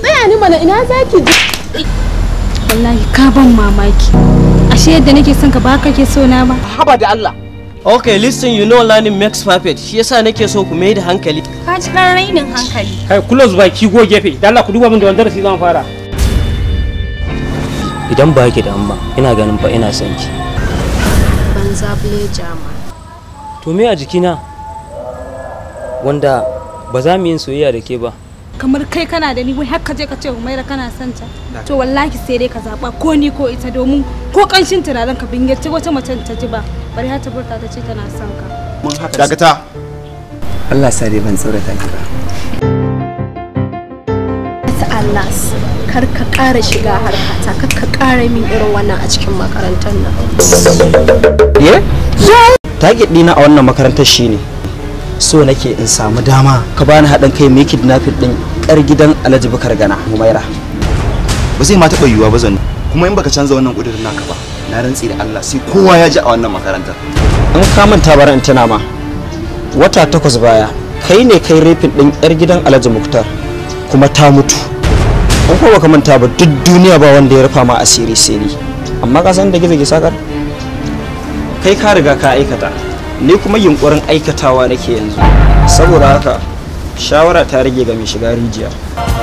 tsaya ni mana ina zaki je wallahi ka ban mamaki ashe yadda nake son ka ba kake so na ba haba da Allah ok listen you know learning makes perfect shi yasa nake so ku mai da hankali ka ji dan rainin hankali kai kulo zuwa ki go gefe da Allah ku duba min da wanda sai zan fara idan ba ki da amma ina ganin fa ina son ki banza bule jama to me a jikina wanda ba za mu yin soyayya da ke ba kamar kai kana da ni wai har ka je ka ce umaira kana son ta to wallahi sai dai ka zaba ko ni ko ita domin ko kanshin turaren ka bingirce wata mace ta ji ba bari har ta burta ta ce tana son ka mun haka dagata Allah sa dai ban tsorata ki ba Allah kar ka ƙara shiga harkata kar ka ƙara min irin wannan a cikin makarantar nan. Ye? Target ɗina a wannan makarantar shine so nake in samu dama ka bani haɗin kai mai kidnapping din kar gidan alhaji bukar gana humaira ba zai ma taɓa yiwuwa ba zan kuma in baka canza wannan ƙudurin naka ba na rantsi da allah sai kowa ya ji a wannan makarantar in ka manta bara in tana ma wata takwas baya kai ne kai rafin ɗin yar gidan alhaji muktar kuma ta mutu in kuma baka manta ba duk duniya ba wanda ya rufa ma asiri sai ni amma ka san da gizo ke sakar kai ka riga ka aikata ni kuma yunkurin aikatawa nake yanzu saboda haka shawara ta rage ga mai shiga rijiya